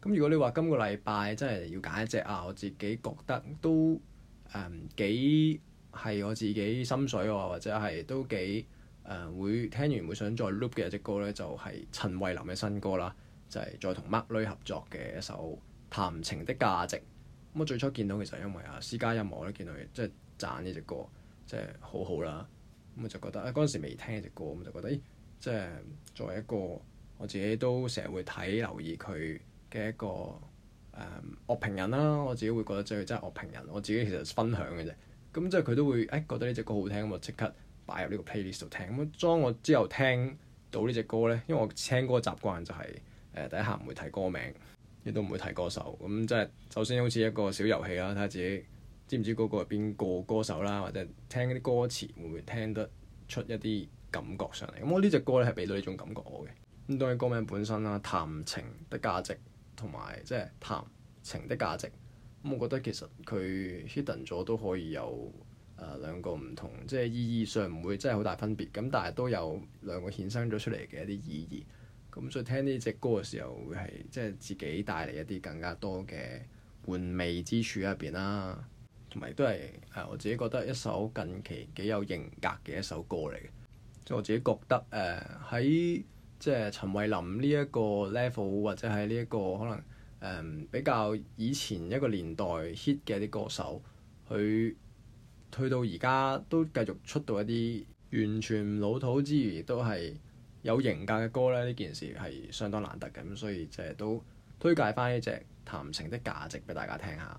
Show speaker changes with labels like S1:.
S1: 咁如果你話今個禮拜真係要揀一隻啊，我自己覺得都誒、嗯、幾係我自己心水喎，或者係都幾誒、嗯、會聽完會想再 loop 嘅一隻歌咧，就係、是、陳慧琳嘅新歌啦，就係、是、再同 m a r 女合作嘅一首《談情的價值》。咁、嗯、我最初見到其實因為啊私家音樂我都見到即係贊呢隻歌，即、就、係、是、好好啦。咁、嗯、我就覺得嗰陣、啊、時未聽呢隻歌，咁就覺得誒即係作為一個我自己都成日會睇留意佢，嘅一個誒、嗯、樂評人啦、啊，我自己會覺得即係真係樂評人，我自己其實分享嘅啫。咁即係佢都會誒、哎、覺得呢隻歌好聽咁啊，我即刻擺入呢個 playlist 度聽。咁當我之後聽到呢隻歌咧，因為我聽歌習慣就係、是、誒、呃、第一下唔會睇歌名，亦都唔會睇歌手。咁即係首先好似一個小遊戲啦，睇下自己知唔知嗰個係邊個歌手啦，或者聽啲歌詞會唔會聽得出一啲感覺上嚟。咁我呢隻歌咧係俾到呢種感覺我嘅。咁當然歌名本身啦，談情的價值。同埋即係談情的價值，咁我覺得其實佢 hidden 咗都可以有誒、呃、兩個唔同，即、就、係、是、意義上唔會真係好大分別。咁但係都有兩個衍生咗出嚟嘅一啲意義。咁所以聽呢隻歌嘅時候，會係即係自己帶嚟一啲更加多嘅玩味之處入邊啦。同埋都係誒我自己覺得一首近期幾有型格嘅一首歌嚟嘅。即係我自己覺得誒喺。呃即係陳慧琳呢一個 level，或者係呢一個可能誒比較以前一個年代 hit 嘅啲歌手，佢去到而家都繼續出到一啲完全唔老土之餘亦都係有型格嘅歌咧。呢件事係相當難得嘅，咁所以即係都推介翻呢隻談情的價值俾大家聽下。